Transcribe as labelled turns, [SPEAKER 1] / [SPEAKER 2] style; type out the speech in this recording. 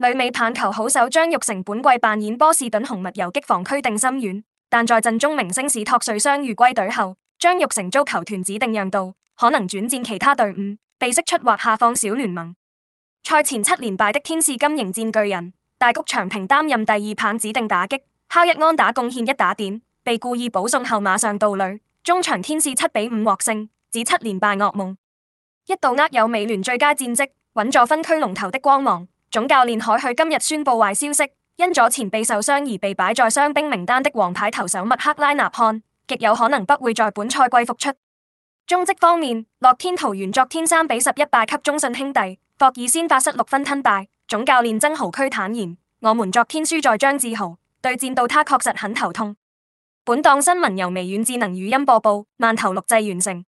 [SPEAKER 1] 女美棒球好手張育成本季扮演波士頓紅襪游擊防區定心丸。但在陣中明星史托瑞傷愈歸隊後，張育成遭球團指定讓渡，可能轉戰其他隊伍，被釋出或下放小聯盟。賽前七連敗的天使今迎戰巨人，大谷翔平擔任第二棒指定打擊，敲一安打貢獻一打點，被故意保送後馬上盜壘，中場天使七比五獲勝，止七連敗噩夢，一度握有美聯最佳戰績，穩坐分區龍頭的光芒。總教練海許今日宣布壞消息，因左前臂受傷而被擺在傷兵名單的皇牌投手麥克拉納漢，極有可能不會在本賽季復出。中職方面，樂天桃猿昨天三比十一敗給中信兄弟，博爾先發失六分吞敗。總教練曾豪駒坦言：我們昨天輸在張志豪，對戰到他確實很頭痛。本檔新聞由微軟智能語音播報，慢頭錄製完成。